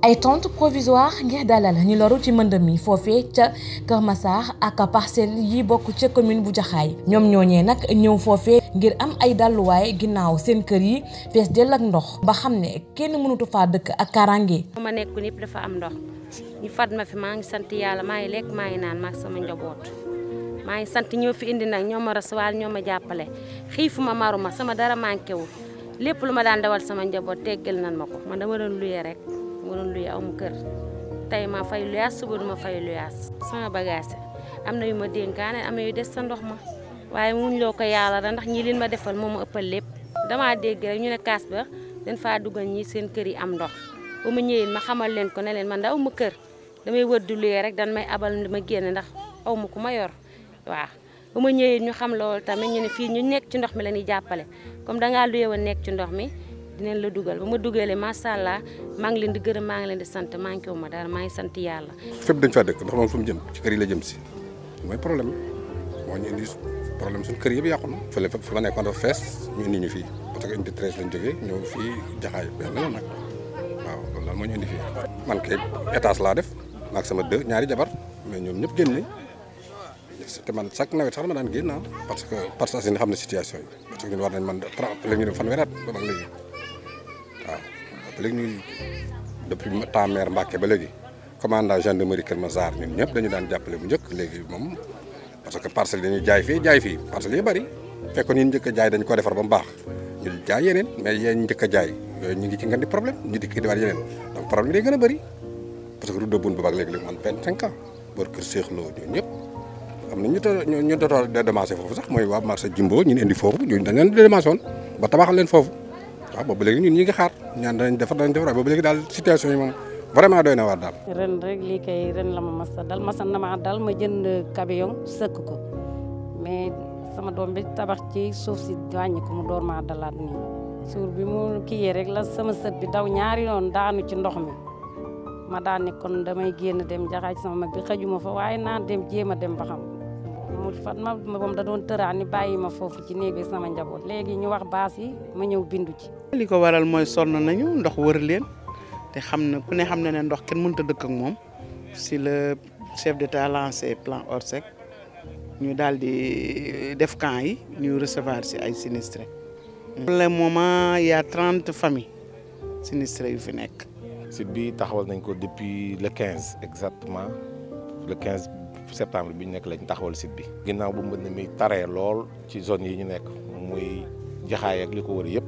ay tentes provisoire ngir dalal ñu loru ci mëndëm mi fofé ca Kër Massar ak parcelles yi bokk ci commune bu Jaxaay ñoom ñooñee nak ñew fofé ngir am ay dalluwaay ginnaw seen kër yi fess del ak ndox ba xamné kenn mënutu fa dëkk ak karangé ma nekk ñëpp dafa am ndox ñu fat ma fi ma ngi sant yalla maa lek lekk naan ma sama njabot maa ngi sant ñoo fi indi nak ñoma ma recevoir ñoo ma jàppale ma maruma sama dara manké wu lepp luma ma daan dawal sama njabot teggal nan ma ko man dama doon luyé rek. ma doon luye aw mu kër tey ma fay luyaas suba du ma fay luyaas sama bagage am na yu ma dénkaane am na yu des sa ndox ma waaye muñ loo ko yàlla da ndax ñi leen ma defal moo ma ëppal lépp damaa dégg rek ñu ne kaas ba dañ faa duggal ñi seen kër yi am ndox ba ma ñëwee ma xamal leen ko ne leen man da ma kër damay wër du luye rek dan may abal ma génn ndax aw ma ku ma yor waaw ba ma ñëwee ñu xam loolu tamit ñu ne fii ñu nekk ci ndox mi la ñuy jàppale ci ndox mi dinañ la dugal ba ma dugalee macha allah ma ngi leen di gërëm ma ngi leen di sante ma ngi wuma daal ma ngi sante Yalla fépp dañ fa dëkk ndax moom fu mu jëm ci kër yi la jëm ci moy problème mo ñu indi problème suñu kër yëpp yàqu na fële fa ma nekkoon fess ñu indi ñu fi parce que indi 13 lañ joggé ñoo fi jaxay ben la nak waaw loolu la mo ñu indi fi man kay étage la def nak sama deux ñaari jabar mais ñoom ñëpp gënné nañ man chaque nawet sax ma daan gënna ah, parce que parce que xam xamna situation yi parce que ñu war nañ man 30 la ñu fan wérat at ba mag léegi léegi ñuy depuis temps maire Mbacke ba léegi commandant gendarmerie Kër Massar ñun ñëpp dañu daan jàppale bu njëkk léegi moom parce que parcelles yi dañuy jaay fii jaay fii parcelles yi bari fekkoon ñun njëkk a jaay dañ ko defar ba mu baax ñu jaay yeneen mais yéen njëkk jaay yooyu ñu ngi ci di problème ñu dikk diwaat yeneen donc problème day gën a bëri parce que route de Boune bu baax léegi-léegi man 25 ans ñëpp am na sax mooy waa marché Jimbo ñu indi foofu ñun dañ leen ba tabaxal leen foofu a boobu léegi ñun ñu ngi xaar ñaan danañ defar danañ defar boobu léegi daal situation yi moom vraiment doy na waar daal. ren rek lii kay ren la ma masa dal masa na ma dal ma jënd camion sëkk ko mais sama doom bi tabax ci suuf si wàññi ko mu door maa dalaat bi mu kiyee rek la sama sët bi daw ñaari yoon daanu ci ndox mi ma daan ne kon damay génn dem jaxaaj sama ma bi xajuma fa waaye naa dem jéem a dem baxam xam mu fat ma moom da doon tëraan ni bàyyi ma foofu ci néeg bi sama njaboot léegi ñu wax baas ma ñëw bindu ci li ko waral mooy sonn nañu ndox wër leen té xamna na ku ne xam na ndox kenn mënut a dëkk ak mom si le chef d'état lancé plan Orsec ñu daldi def camp yi ñu recevoir ci ay sinistrés. pour le moment il y a 30 familles sinistrées yu fi nek site bi taxawal nañ ko depuis le 15 exactement le 15 septembre bi ñu nekk lañ taxawal site bi. ginnaw bu mën na mi taré lool ci zone yi ñu nek muy jaxay ak liko wër yëpp.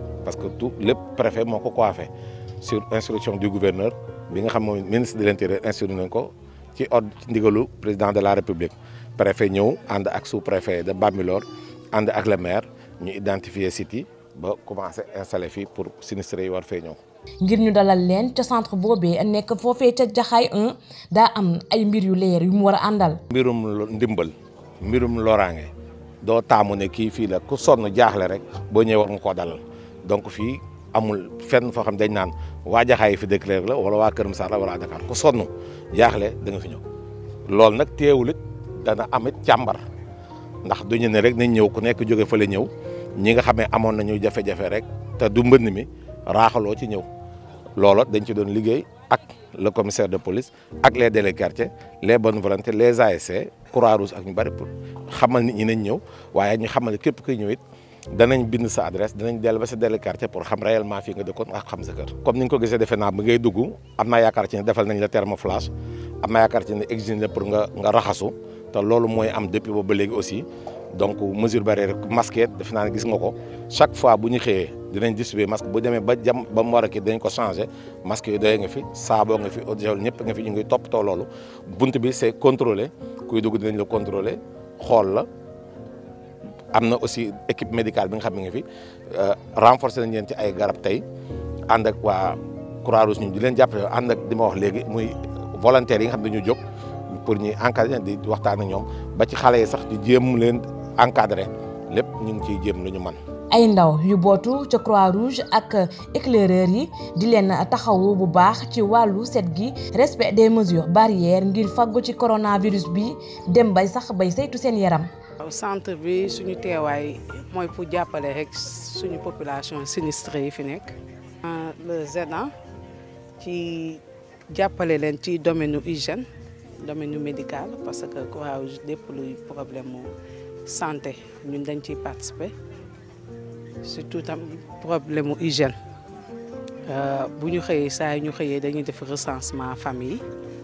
parce que tout le préfet moo ko coiffé sur instruction du gouverneur bi nga xam ministre de l'intérieur, instruction instruit ko ci ordre le président de la république préfet ñëw ànd ak sous préfet de Bambilor ànd ak le maire ñu identifier la cité, ba commencer installé fii pour sinistré yi war fee ñëw. ngir ñu dalal leen ca centre boobee nekk foofee ca Jaxaay 1 da am ay mbir yu leer yu mu war a àndal. mbirum ndimbal mbirum loraange doo taamu ne kii fii la ku sonn jaaxle rek boo ñëwee war nga koo dalal. donc fii amul fenn foo xam dañ naan waa Jaxaay fi dëkk la wala waa Kër Masar la wala Dakar ku sonn jaaxle da nga fi ñëw loolu nag teewul it dana amit càmbar ndax du ñu ne rek nañ ñëw ku nekk jóge fa la ñëw ñi nga xam ne amoon nañu jafe-jafe rek te du mbënd mi raaxaloo ci ñëw looloo dañ ci doon liggéey ak le commissaire de police ak les délégués quartier les bon volontés les ASC Croix-Rouge ak ñu bari pour xamal nit ñi nañ ñëw waaye ñu xamal képp kuy ñëw it danañ bind sa adresse danañ dellu ba sa dellu quartier pour xam réellement fii nga dëkkoon ak xam sa kër. comme ni nga ko gisee defe naa bi ngay dugg am naa yaakaar ci ne defal nañ la thermoflash am naa yaakaar ci ne exigé pour nga nga raxasu te loolu mooy am depuis boobu ba léegi aussi donc mesure barrière masqué defe naa ne gis nga ko chaque fois bu ñu xëyee dinañ distribuer masque bu demee ba jam ba mu war a kii dinañ ko changé masque yi doyee nga fi saaboo nga fi eau ñëpp nga fi ñu ngi toppatoo loolu bunt bi c'est contrôlé kuy dugg dinañ la contrôlé xool la. am na aussi équipe médicale bi nga xam ne nga fi euh, renforcer nañ leen ci ay garab tey ànd ak waa Croix-Rouge di leen jàppale ànd ak di ma wax léegi muy volontaires yi nga xam ne dañu jóg pour ñuy encadrer di waxtaana ak ñoom ba ci xale yi sax di jéem leen encadrer lépp ñu ngi ciy jéem lu ñu mën. ay ndaw yu bootu ca Croix-Rouge ak éclaireur yi di leen taxawu bu baax ci wàllu set gi respect des mesures barrières ngir faggu ci coronavirus bi dem bay sax bay saytu seen yaram. Au centre bi suñu nous mooy pour parler avec une population sinistrée yi le ZENA ci parler leen ci domaine hygiène domaine médical parce que Croix-Rouge lépp les problèmes de santé Nous dañ ciy participer surtout un problème d'hygiène. hygiène nous Nous fait saa yu ñu famille.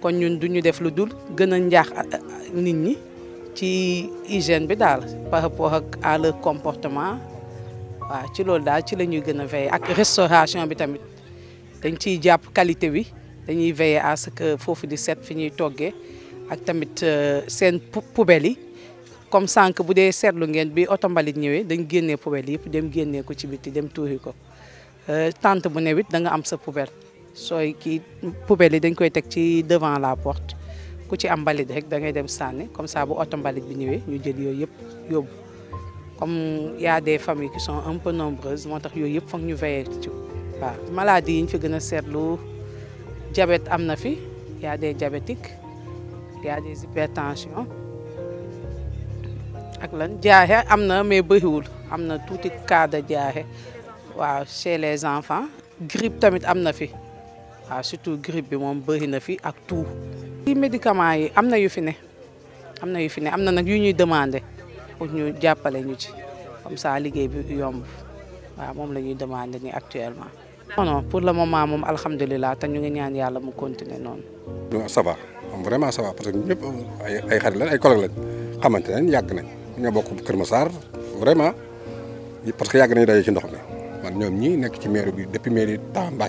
kon ñun du ñu def lu dul gën a njaax nit ñi ci hygiène bi daal par rapport ak à comportement waaw ci loolu daal ci lañuy ñuy gën a veiller ak restauration bi tamit dañ ciy jàpp qualité bi dañuy veiller à que foofu di set fi ñuy toggee ak tamit euh, seen poubelle yi comme sànq bu dee seetlu ngeen bi oto mbalit ñëwee dañ génnee poubelle yëpp dem génnee ko ci biti dem tuuri ko euh, tant bu newit da nga am sa poubelle sooy kii poubelle yi dañ koy tek ci devant la porte ku ci am mbalit rek da ngay dem sànni comme ça bu auto mbalit bi ñëwee ñu jël yooyu yëpp yóbbu comme y a des familles qui sont un peu nombreuses moo tax yooyu yëpp foog ñu veiller ci waaw maladie yi ñu fi gën a seetlu diabète am na fi y a des diabétiques y a des hypertension ak lan jaaxe am na mais bëriwul am na tuuti cas de jaaxe waaw chez les enfants grippe tamit am na fi waaw ah, surtout grippe bi moom bëri na fi ak tout. ci médicaments yi am na yu fi ne am na yu fi ne am na nag yu ñuy demandé pour ñu jàppale ñu ci comme saa liggéey bi yomb waaw moom la ñuy demandé nii actuellement. non non pour le moment moom alhamdulilah te ñu ngi ñaan yàlla mu continuer noonu. non ça va vraiment parce que ñëpp ay ay xarit lañ ay collègues lañ xamante ne yàgg nañ ñoo bokk Kër Massar vraiment parce que yàgg nañu daje ci ndox mi man ñoom ñii nekk ci mairie bi depuis mairie Tamba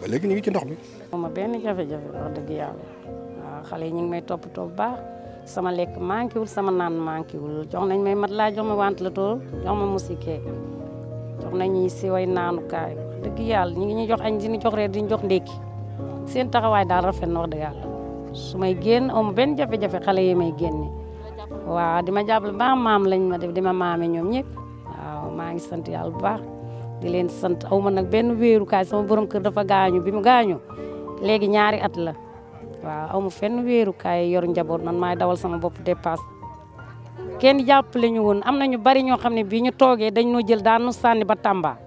ba léegi ñu ngi ci ndox mi. moom ma benn jafe-jafe wax dëgg yàlla waaw xale yi ñu ngi may toppatoo bu baax sama lekk manqué wul sama naan manqué wul jox nañ may mat laa jox ma wante la tool jox ma musique jox nañuy si way naanukaay wax dëgg yàlla ñu ngi ñuy jox añ di ñu jox reer di ñu jox ndékki seen taxawaay daal rafet na wax dëgg yàlla su may génn amu benn jafe-jafe xale yi may génne waaw di ma jàppale baax maam lañ ma def di ma maame ñoom ñëpp waaw maa ngi sant yàlla bu baax. di len sant aw nak ben benn kay sama borom kër dafa gañu bimu gañu légui ñaari at la waaw aw ma fenn kay yor njaboot nan may dawal sama bop dépasse kenn jàppale ñu won amna ñu bari ñoo xam bi ñu toogee dañ no jël daanu sanni ba Tamba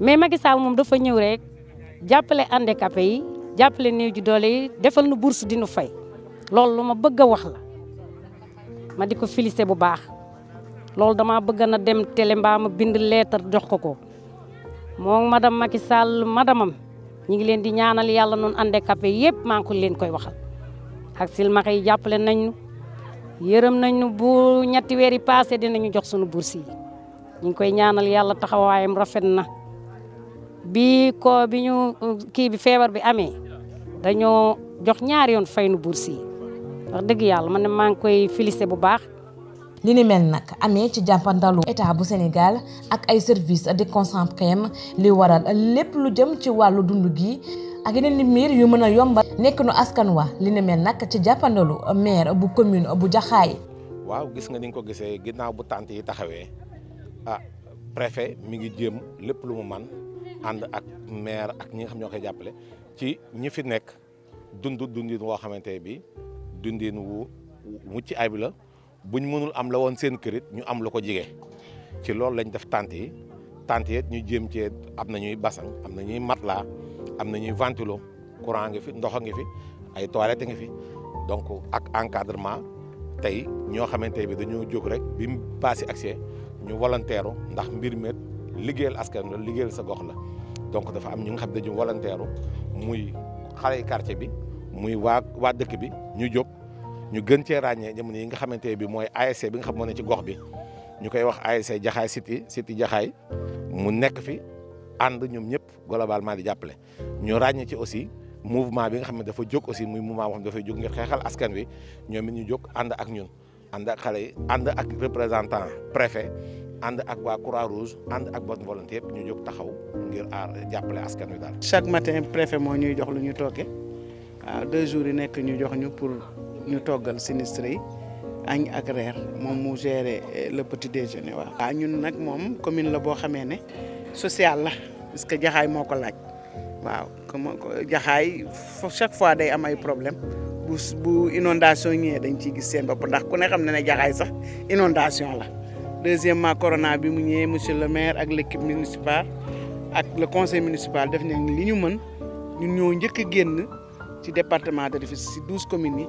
mais Macky Sall mom dafa ñëw rek jàppale handicapé yi jappalé néew ju doole yi defal nu bourse di nu fay lool luma bëgg wax la ma diko féliciter bu baax lool dama bëgg na dem télé mbaama bind lettre jox ko ko moom madam Macky Sall madamam ñi ngi leen di ñaanal yàlla noon noonu handicapé yëpp maa ngi leen koy waxal ak silmaxa yi jàppale nañ yërëm nañ ñu bu ñetti weer yi passé dinañu jox sunu bourse yi ñu ngi koy ñaanal yàlla taxawaayam rafet na bi ko bi ñu kii bi feebar bi amee dañoo jox ñaari yoon fay nu bourse yi wax dëgg yàlla man ne maa ngi koy félicité bu baax li ni mel nag amee ci jàppandalu état bu Sénégal ak ay service déconcentrés li waral lépp lu jëm ci wàllu dund gi ak yeneen i miir yu mën a yombal nekk nu askan wa li ni mel nag ci jàppandalu maire bu commune bu Jaxaay waaw gis nga ni nga ko gisee ginnaaw bu tànt yi taxawee ah préfet mi ngi jéem lépp lu mu man ànd ak maire ak ñi nga xam ñoo koy jàppale ci ñi fi nekk dund dundin woo xamante bi dundin wu mucc ayib la buñ mënul am la woon seen kërit ñu am lu ko jige ci loolu lañ def tente yi tente ñu jéem cee am na ñuy basang am na ñuy matelas am na ñuy ventilo courant fi ndox a ngi fi ay toilette ngi fi donc ak encadrement tey ñoo xamante bi dañoo jóg rek bi mu passé accès ñu volontaire ndax mbir mi liggéeyal askan la liggéeyal sa gox la donc dafa am ñu nga xam dañu volontaire muy xale quartier bi muy waa waa dëkk bi ñu jóg ñu gën cee ràññee jamono yi nga xamante bi mooy ASC bi nga xam moo ne ci gox bi ñu koy wax ASC Jaxaay City City Jaxaay mu nekk fi ànd ñoom ñëpp globalement di jàppale ñu ràññee ci aussi mouvement bi nga xam ne dafa jóg aussi muy mouvement boo dafay jóg ngir xeexal askan wi ñoom it ñu jóg ànd ak ñun ànd ak xale yi ànd ak représentant préfet ànd ak waa croix rouge ànd ak bonne volonté yëpp ñu jóg taxaw ngir aar jàppale askan wi daal. chaque matin préfet moo ñuy jox lu ñu toogee ah, deux jours yi nekk ñu jox ñu pour. ñu toggal sinistre yi añ ak reer moom mu géré eh, le petit déjeuner waaw. waaw ah, ñun nag moom commune la boo xamee ne social la parce que jaxaay moo ko laaj waaw comme jaxaay chaque fois day am ay problème bu bu inondation ñëwee dañ ciy gis seen bopp ndax ku ne xam na ne jaxaay sax inondation la deuxièmement corona bi mu ñëwee monsieur le maire ak l'équipe municipale ak le conseil municipal def nañ li ñu mën ñun ñoo njëkk a génn ci département de Rufisque ci 12 communes yi.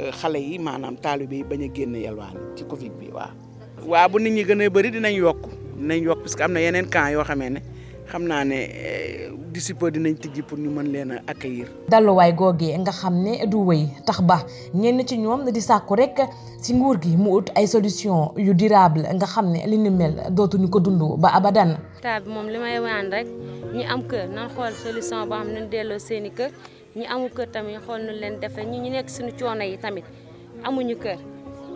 Euh, xale yi maanaam taalibe yi bañ a génn yalwaani ci Covid bi waaw. waaw bu nit ñi gën a bëri dinañ yokk dinañ yokk parce que am na yeneen camp yoo xamee ne xam naa ne euh, d'ici peu dinañ tijji pour ñu mën leen ak accueillir. dalluwaay googee nga xam ne du wëy tax ba ñenn ci ñoom di sàkku rek ci nguur gi mu ut ay solution yu durable nga xam ne li ni mel dootuñu ko dund ba abadan. état bi moom li may waan rek ñu am kër nan xool solution boo xam ne delloo seeni kër. ñi amul kër tamit xool nu leen defe ñu ñu nekk suñu coono yi tamit amuñu kër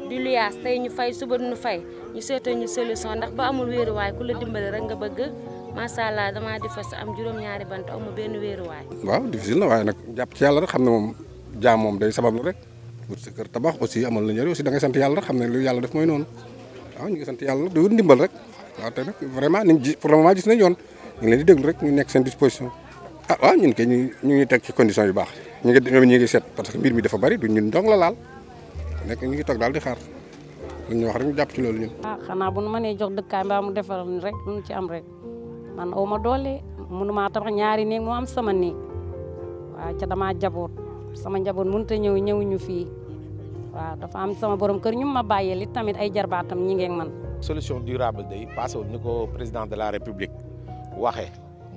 di luyaas tey ñu fay suba nu fay ñu seetal ñu solution ndax ba amul wéeruwaay ku la dimbali rek nga bëgg macha allah damaa di fas am juróom-ñaari bant amu benn wéeruwaay. waaw difficile na waaye nag jàpp ci yàlla rek xam ne moom jaam moom day sabablu rek wut sa tabax aussi amal la njëriñ aussi da ngay sant yàlla ne lu yàlla def mooy noonu waaw ñu ngi sant yàlla di wut ndimbal rek waaw te nag vraiment ni pour le moment gis nañ yoon ñu ngi leen di déglu rek ñu nekk seen disposition ah waaw ñun ke ñu ñu ngi teg ci condition yu baax ñu ngi ñi ngi set parce que mbir mi dafa bari du ñun dong la laal nek ñi ngi tok dal di xaar ñu wax rek ñu japp ci lolu ñun. ah xana bu nu mëne jox dëkkaay mbaa mu defaral ñu rek ci am rek man awuma dole, mënu ma tax ñaari néeg moo am sama néeg wa ca dama jaboot sama njaboot ta ñew ñew ñu fi wa dafa am sama borom kër ñu ma baye li tamit ay jarbatam ñi ak man solution durable day passé wul ni ko président de la république waxé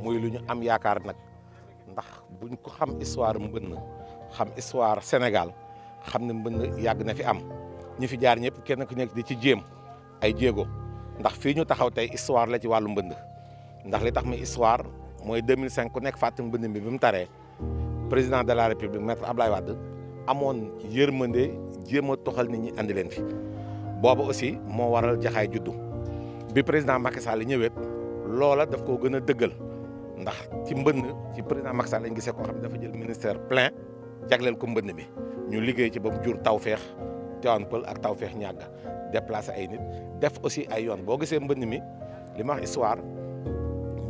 muy luñu am yaakar nak ndax buñ ko xam histoire mbënn xam histoire Sénégal xam ne mbënn yàgg na fi am ñi fi jaar ñëpp kenn ku nekk di ci jéem ay jéego ndax fii ñu taxaw tey histoire la ci wàllu mbënd ndax li tax mi histoire mooy 2005 ku nekk fàttali mbënd mi bi mu taree président de la république maître Abdoulaye Wade amoon yërmande jéem a toxal ni ñi andi leen fi boobu aussi moo waral jaxaay juddu bi président Macky Sall ñëwee loola daf koo gën a dëggal. ndax ci mbënn ci président Macky Sall lañ gisee koo xam ne dafa jël ministère plein jagleel ko mbënn mi ñu liggéey ci ba mu jur tawfeex Tivaouane Peulh ak tawfeex ñàgga déplacé ay nit def aussi ay yoon boo gisee mbënn mi li ma wax histoire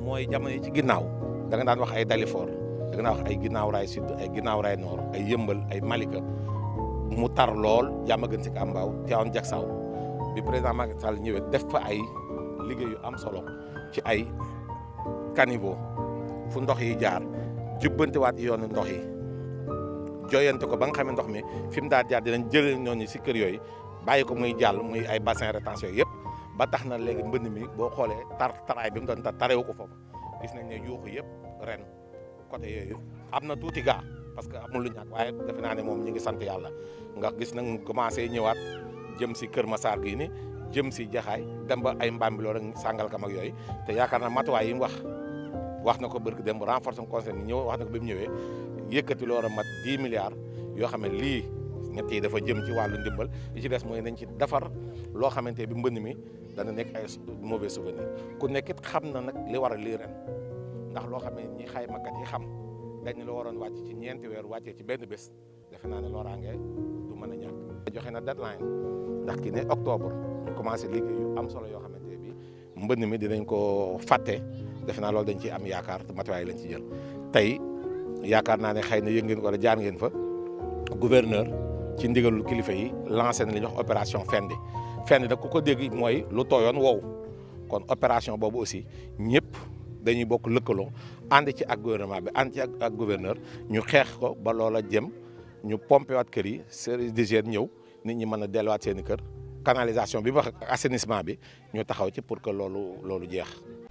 mooy jamono yi ci ginnaaw danga daan wax ay Dalifort da nga daan wax ay ginnaaw raay sud ay ginnaaw raay nord ay yëmbal ay Malika mu tar lool jàmm gën si Kambaaw Tivaouane Diacksao bi président Macky Sall ñëwee def fa ay liggéeyu am solo ci ay caniveau fu ndox yi jaar jubbantiwaat yoonu ndox yi joyante ko ba nga xamé ndox mi fim daal jaar dinañ ñoo ñi ci kër yoy bayiko muy jall muy ay bassin rétention yépp ba taxna légui mbënd mi bo xolé tar taray bi mu doon tar tarewu ko gis nañ né yuuxu yépp ren côté yooyu amna tuti ga parce que amul lu ñàkk waye def na né mom ñi ngi sant yalla nga gis nag mu commencé ñëwaat jëm ci Kër Massar gi ni jëm si jaxay dem ba ay rek sangal kam ak yoy te yaakaar na yi wax wax na ko barki dem renforcer conseil bi ñëw wax na ko bi mu ñëwee yëkkati mat 10 milliards yo xamé li lii ñett yi dafa jëm ci walu ndimbal li ci dess moy nañ ci dafar lo xamanté bi mbënd mi da na nek ay mauvais souvenir ku nekk it xam na nak li wara li ren ndax lo xamé ñi xay xaymakat yi xam dañ la waron wacc ci ñent wër wàccee ci benn bés defe né ne looraange du mëna ñak joxé na deadline ndax ki né octobre ñu commencé liggéey yu am solo yo xamanté bi mbënd mi dinañ ko faté defe naa loolu dañu ci am yaakaar te matuwaay lañ ci jël tey yaakaar naa ne xëy na yëg ngeen ko wala jaar ngeen fa gouverneur ci ndigalul kilifa yi lancé na li ñuy wax opération fendi fendi nag ku ko dégg mooy lu tooyoon wow kon opération boobu aussi ñëpp dañuy bokk lëkkaloo ànd ci ak bi ànd ak ak gouverneur ñu xeex ko ba loola jëm ñu pompé kër yi service d'hygiène ñëw nit ñi mën a delluwaat seen kër canalisation bi wax assainissement bi ñu taxaw ci pour que loolu loolu jeex